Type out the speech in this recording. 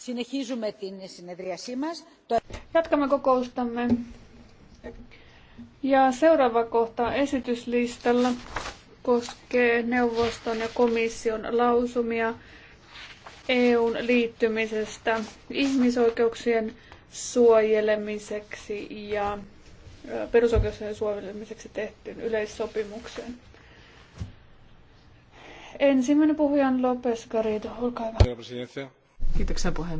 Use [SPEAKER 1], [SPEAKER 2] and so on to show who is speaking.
[SPEAKER 1] Συνεχίζουμε την συνεδρίασή μας. Jatkamme kokoustamme. Ja seuraava kohta esityslistalla
[SPEAKER 2] koskee neuvoston ja komission lausumia EUn liittymisestä ihmisoikeuksien suojelemiseksi ja perusoikeuksien suojelemiseksi tehtyyn yleissopimukseen. Ensimmäinen puhuja on López Garrido, olkaa
[SPEAKER 3] hyvä. Kiitoksia puhemies.